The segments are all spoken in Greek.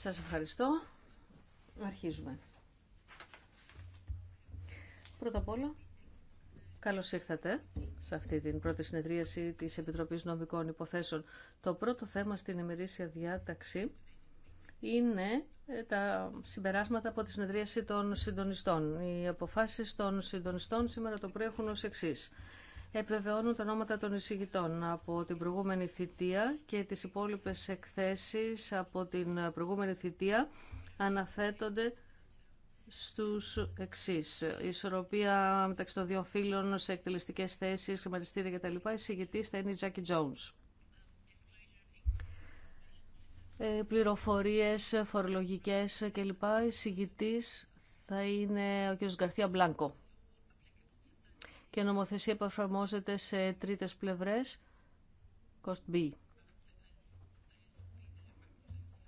Σας ευχαριστώ. Αρχίζουμε. Πρώτα απ' όλα, καλώς ήρθατε σε αυτή την πρώτη συνεδρίαση της Επιτροπής Νομικών Υποθέσεων. Το πρώτο θέμα στην ημερήσια διάταξη είναι ε, τα συμπεράσματα από τη συνεδρίαση των συντονιστών. Οι αποφάσεις των συντονιστών σήμερα το πρωί έχουν ως εξής επιβεβαιώνουν τα ονόματα των εισηγητών από την προηγούμενη θητεία και τις υπόλοιπες εκθέσεις από την προηγούμενη θητεία αναθέτονται στους εξή. Η ισορροπία μεταξύ των δύο φίλων σε εκτελεστικές θέσεις, χρηματιστήρια κτλ. Εισηγητής θα είναι η Τζάκι Jones. Ε, πληροφορίες φορολογικές κλπ. Εισηγητής θα είναι ο κ. Γκαρθία Μπλάνκο και νομοθεσία που εφαρμόζεται σε τρίτες πλευρές, cost B.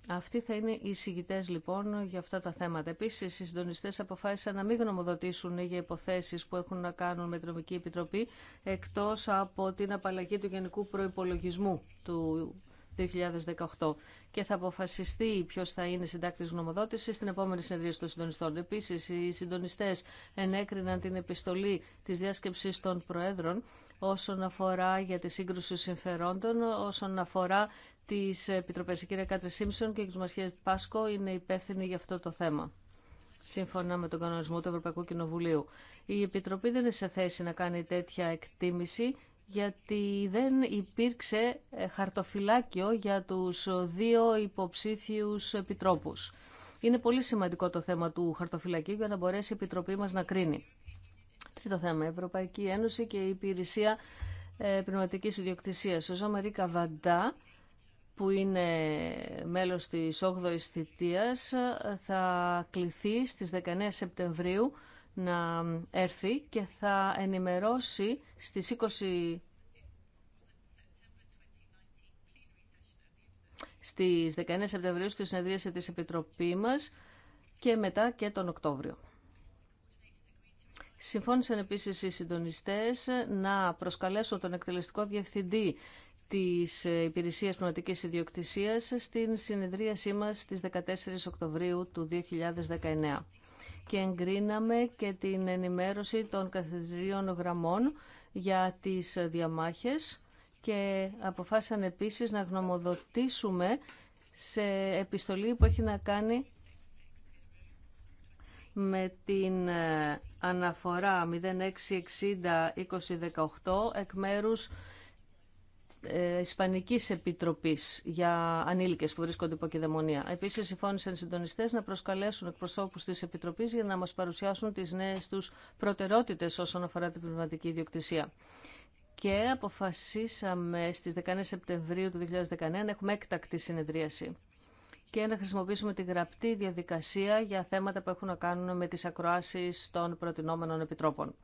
Αυτοί θα είναι οι συγητέ λοιπόν για αυτά τα θέματα. Επίση, οι συντονιστέ αποφάσισαν να μην γνωμοδοτήσουν για υποθέσει που έχουν να κάνουν με την Επιτροπή, εκτό από την απαλλαγή του Γενικού Προπολογισμού του 2018 και θα αποφασιστεί ποιο θα είναι συντάκτη γνωμοδότηση στην επόμενη συνεδρία των συντονιστών. Επίση, οι συντονιστέ ενέκριναν την επιστολή τη διάσκεψη των Προέδρων όσον αφορά για τη σύγκρουση συμφερόντων, όσον αφορά τι επιτροπέ. Η κυρία Κάτρι Σίμψον και η κυρία Πάσκο είναι υπεύθυνοι για αυτό το θέμα. Σύμφωνα με τον κανονισμό του Ευρωπαϊκού Κοινοβουλίου. Η Επιτροπή δεν είναι σε θέση να κάνει τέτοια εκτίμηση γιατί δεν υπήρξε ε, χαρτοφυλάκιο για τους δύο υποψήφιους επιτρόπους. Είναι πολύ σημαντικό το θέμα του χαρτοφυλακίου για να μπορέσει η Επιτροπή μας να κρίνει. Τρίτο θέμα, Ευρωπαϊκή Ένωση και η Υπηρεσία ε, Πνευματικής Ιδιοκτησίας. Ο Ζωμαρή Καβαντά, που είναι μέλος της 8ης θητείας, θα κληθεί στις 19 Σεπτεμβρίου να έρθει και θα ενημερώσει στις 20 στις 19 Σεπτεμβρίου στη συνεδρίαση της Επιτροπή μας και μετά και τον Οκτώβριο. Συμφώνησαν επίσης οι συντονιστές να προσκαλέσουν τον εκτελεστικό διευθυντή της Υπηρεσίας Πνευματικής Ιδιοκτησίας στην συνεδρίασή μας στις 14 Οκτωβρίου του 2019 και εγκρίναμε και την ενημέρωση των καθεδρίων γραμμών για τις διαμάχες και αποφάσισαν επίσης να γνωμοδοτήσουμε σε επιστολή που έχει να κάνει με την ε, αναφορά 0660-2018 εκ μέρους ε, Ισπανική επίτροπή για ανήλικέ που βρίσκονται υπό κυδαιμονία. Επίση, συμφώνησαν οι συντονιστέ να προσκαλέσουν εκπροσώπου τη Επιτροπή για να μα παρουσιάσουν τι νέε του προτερότητε όσον αφορά την πνευματική ιδιοκτησία. Και αποφασίσαμε στι 19 Σεπτεμβρίου του 2019 να έχουμε έκτακτη συνεδρίαση και να χρησιμοποιήσουμε τη γραπτή διαδικασία για θέματα που έχουν να κάνουν με τις ακροάσεις των προτινόμενων επιτρόπων.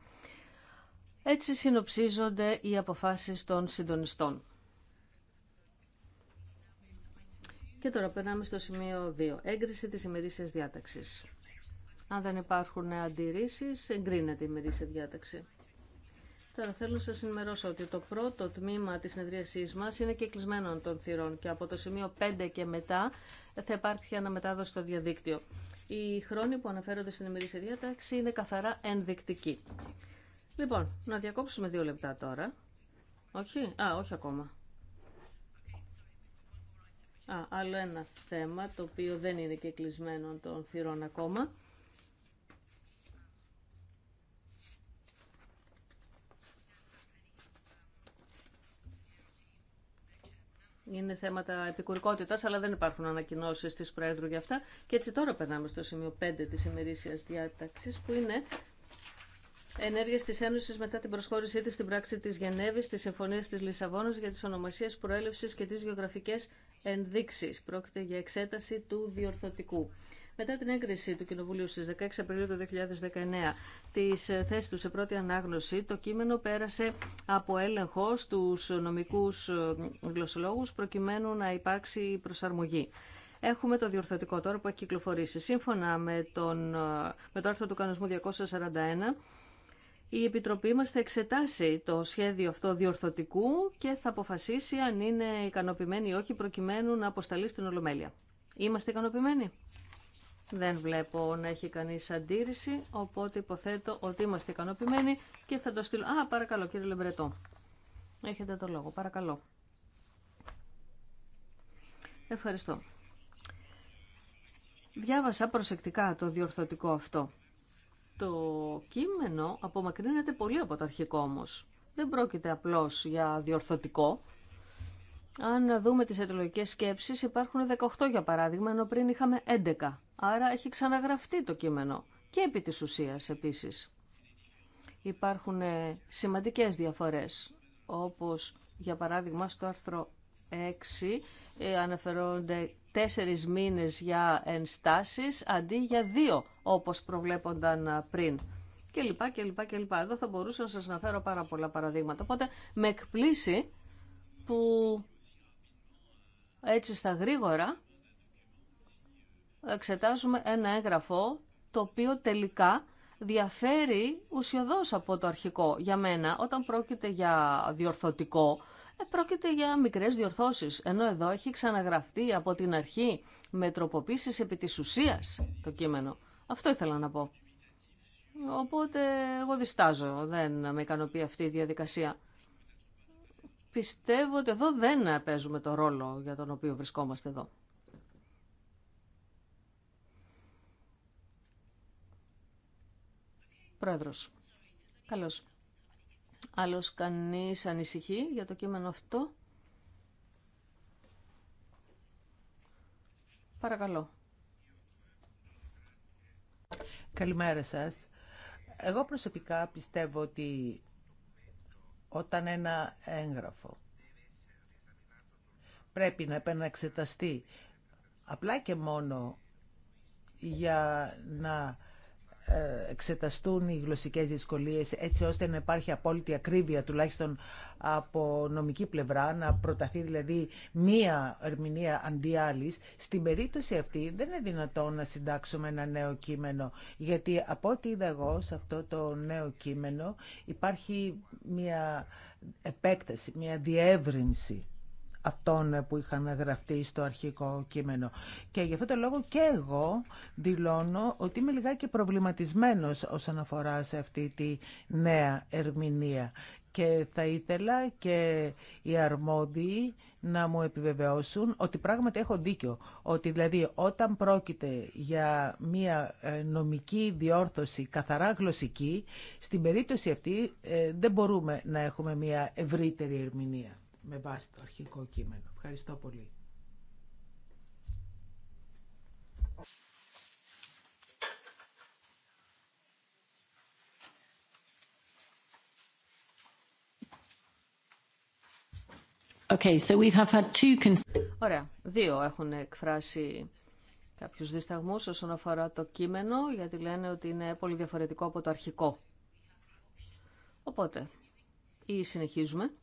Έτσι συνοψίζονται οι αποφάσεις των συντονιστών. Και τώρα περνάμε στο σημείο 2. Έγκριση της ημερήσιας διάταξης. Αν δεν υπάρχουν αντιρρήσεις, εγκρίνεται η ημερήσια διάταξη. Τώρα θέλω να σας ενημερώσω ότι το πρώτο τμήμα της συνεδρίασής μας είναι και κλεισμένο των θυρών και από το σημείο 5 και μετά θα υπάρχει αναμετάδοση στο διαδίκτυο. Οι χρόνοι που αναφέρονται στην ημερήσια διάταξη είναι καθαρά ενδεικτικοί. Λοιπόν, να διακόψουμε δύο λεπτά τώρα. Όχι, α, όχι ακόμα. Α, άλλο ένα θέμα, το οποίο δεν είναι και κλεισμένο των θυρών ακόμα. Είναι θέματα επικουρικότητας, αλλά δεν υπάρχουν ανακοινώσεις της Προέδρου για αυτά. Και έτσι τώρα περνάμε στο σημείο 5 της ημερήσιας διάταξης, που είναι ενέργειες τη Ένωση μετά την προσχώρησή τη στην πράξη τη Γενέβη, τη Συμφωνία τη Λισαβόνα για τι ονομασίες προέλευση και τι γεωγραφικές ενδείξει. Πρόκειται για εξέταση του διορθωτικού. Μετά την έγκριση του Κοινοβουλίου στις 16 Απριλίου του 2019 της θέσης του σε πρώτη ανάγνωση, το κείμενο πέρασε από έλεγχο στους νομικούς γλωσσολόγους προκειμένου να υπάρξει προσαρμογή. Έχουμε το διορθωτικό τώρα που έχει κυκλοφορήσει. Σύμφωνα με, τον, με το άρθρο του κανονισμού 241, η Επιτροπή μας θα εξετάσει το σχέδιο αυτό διορθωτικού και θα αποφασίσει αν είναι ικανοποιημένοι ή όχι προκειμένου να αποσταλεί στην Ολομέλεια. Είμαστε ικανοποιημένοι. Δεν βλέπω να έχει κανείς αντίρρηση, οπότε υποθέτω ότι είμαστε ικανοποιημένοι και θα το στείλω. Α, παρακαλώ κύριε Λεμπρετό. Έχετε το λόγο, παρακαλώ. Ευχαριστώ. Διάβασα προσεκτικά το διορθωτικό αυτό το κείμενο απομακρύνεται πολύ από το αρχικό όμω. Δεν πρόκειται απλώς για διορθωτικό. Αν δούμε τις αιτιολογικές σκέψεις υπάρχουν 18 για παράδειγμα, ενώ πριν είχαμε 11. Άρα έχει ξαναγραφτεί το κείμενο και επί της ουσίας επίσης. Υπάρχουν σημαντικές διαφορές, όπως για παράδειγμα στο άρθρο 6 ε, αναφερόνται τέσσερις μήνες για ενστάσεις αντί για δύο όπως προβλέπονταν πριν. Και λοιπά και λοιπά και λοιπά. Εδώ θα μπορούσα να σας αναφέρω πάρα πολλά παραδείγματα. Οπότε με εκπλήσει που έτσι στα γρήγορα εξετάζουμε ένα έγγραφο το οποίο τελικά διαφέρει ουσιοδός από το αρχικό. Για μένα, όταν πρόκειται για διορθωτικό, ε, πρόκειται για μικρές διορθώσεις, ενώ εδώ έχει ξαναγραφτεί από την αρχή με τροποποίησης επί της ουσίας το κείμενο. Αυτό ήθελα να πω. Οπότε εγώ διστάζω, δεν με ικανοποιεί αυτή η διαδικασία. Πιστεύω ότι εδώ δεν παίζουμε το ρόλο για τον οποίο βρισκόμαστε εδώ. Πρόεδρος. Καλώς. Άλλος κανείς ανησυχεί για το κείμενο αυτό. Παρακαλώ. Καλημέρα σας. Εγώ προσωπικά πιστεύω ότι όταν ένα έγγραφο πρέπει να επαναξεταστεί απλά και μόνο για να ε, εξεταστούν οι γλωσσικές δυσκολίες έτσι ώστε να υπάρχει απόλυτη ακρίβεια τουλάχιστον από νομική πλευρά να προταθεί δηλαδή μία ερμηνεία αντί άλλη. Στην περίπτωση αυτή δεν είναι δυνατόν να συντάξουμε ένα νέο κείμενο γιατί από ό,τι είδα εγώ σε αυτό το νέο κείμενο υπάρχει μία επέκταση, μία διεύρυνση αυτών που είχαν γραφτεί στο αρχικό κείμενο. Και γι' αυτό το λόγο και εγώ δηλώνω ότι είμαι λιγάκι προβληματισμένος όσον αφορά σε αυτή τη νέα ερμηνεία. Και θα ήθελα και οι αρμόδιοι να μου επιβεβαιώσουν ότι πράγματι έχω δίκιο. Ότι δηλαδή όταν πρόκειται για μια ε, νομική διόρθωση καθαρά γλωσσική, στην περίπτωση αυτή ε, δεν μπορούμε να έχουμε μια ευρύτερη ερμηνεία με βάση το αρχικό κείμενο. Ευχαριστώ πολύ. Okay, so we have had two... Ωραία. Δύο έχουν εκφράσει κάποιους δισταγμούς όσον αφορά το κείμενο, γιατί λένε ότι είναι πολύ διαφορετικό από το αρχικό. Οπότε, ή συνεχίζουμε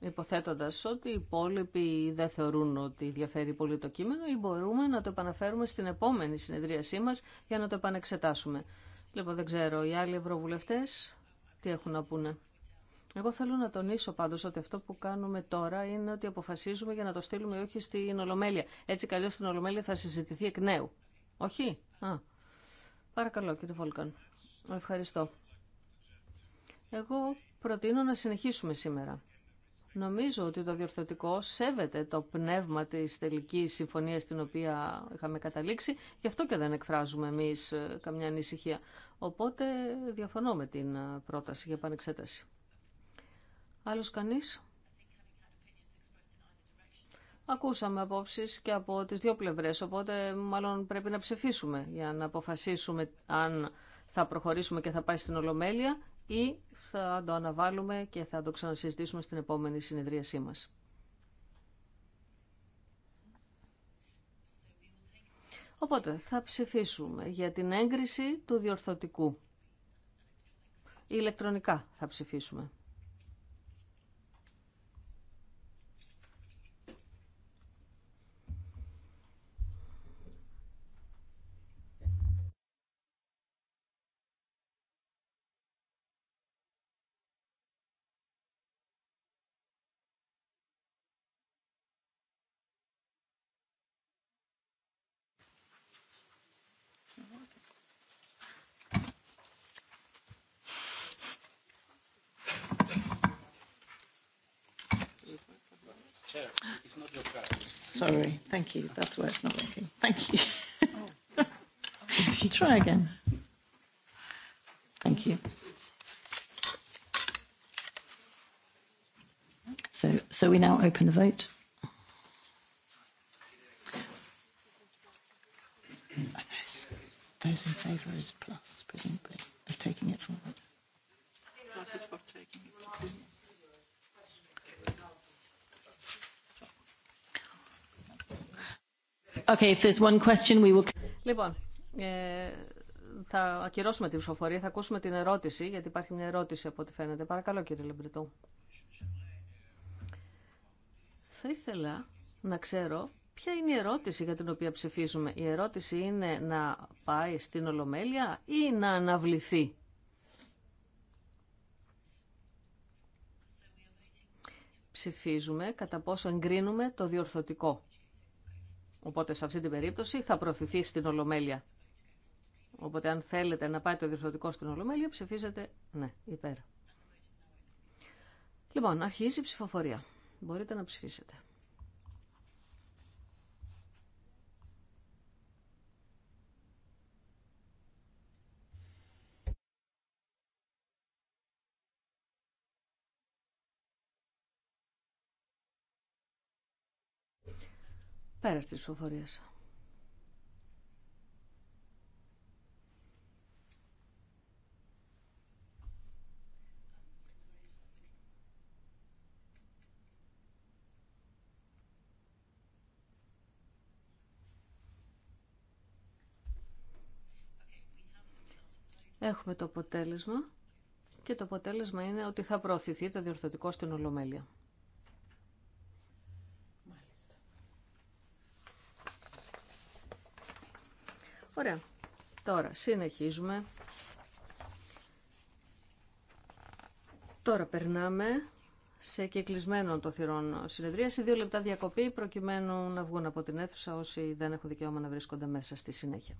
Υποθέτοντα ότι οι υπόλοιποι δεν θεωρούν ότι διαφέρει πολύ το κείμενο ή μπορούμε να το επαναφέρουμε στην επόμενη συνεδρίασή μα για να το επανεξετάσουμε. Λοιπόν, δεν ξέρω, οι άλλοι ευρωβουλευτέ τι έχουν να πούνε. Εγώ θέλω να τονίσω πάντως ότι αυτό που κάνουμε τώρα είναι ότι αποφασίζουμε για να το στείλουμε όχι στην Ολομέλεια. Έτσι καλώς στην Ολομέλεια θα συζητηθεί εκ νέου. Όχι. Α. Παρακαλώ κύριε Βόλκαν. Ευχαριστώ. Εγώ προτείνω να συνεχίσουμε σήμερα. Νομίζω ότι το διορθωτικό σέβεται το πνεύμα της τελικής συμφωνίας στην οποία είχαμε καταλήξει, γι' αυτό και δεν εκφράζουμε εμείς ε, καμιά ανησυχία. Οπότε διαφωνώ με την ε, πρόταση για επανεξέταση. Άλλος κανείς? Ακούσαμε απόψεις και από τις δύο πλευρές, οπότε μάλλον πρέπει να ψηφίσουμε για να αποφασίσουμε αν θα προχωρήσουμε και θα πάει στην Ολομέλεια ή θα το αναβάλουμε και θα το ξανασυζητήσουμε στην επόμενη συνεδρίασή μας. Οπότε θα ψηφίσουμε για την έγκριση του διορθωτικού. Ηλεκτρονικά θα ψηφίσουμε. It's not your Sorry. Thank you. That's why it's not working. Thank you. Try again. Thank you. So, so we now open the vote. Those in favour is plus, presumably, of taking it forward. Plus is for taking it Okay, if there's one question, we will... Λοιπόν, ε, θα ακυρώσουμε την ψηφοφορία, θα ακούσουμε την ερώτηση, γιατί υπάρχει μια ερώτηση από ό,τι φαίνεται. Παρακαλώ, κύριε Λεμπριτού. Θα ήθελα να ξέρω ποια είναι η ερώτηση για την οποία ψηφίζουμε. Η ερώτηση είναι να πάει στην Ολομέλεια ή να αναβληθεί. Ψηφίζουμε κατά πόσο εγκρίνουμε το διορθωτικό. Οπότε σε αυτή την περίπτωση θα προωθηθεί στην Ολομέλεια. Οπότε αν θέλετε να πάει το διορθωτικό στην Ολομέλεια ψηφίζετε ναι, υπέρ. Λοιπόν, αρχίζει η ψηφοφορία. Μπορείτε να ψηφίσετε. Πέρα τη ψηφοφορίες. Έχουμε το αποτέλεσμα και το αποτέλεσμα είναι ότι θα προωθηθεί το διορθωτικό στην Ολομέλεια. Ωραία. Τώρα συνεχίζουμε. Τώρα περνάμε σε κεκλεισμένο το θυρών Σε Δύο λεπτά διακοπή προκειμένου να βγουν από την αίθουσα όσοι δεν έχουν δικαίωμα να βρίσκονται μέσα στη συνέχεια.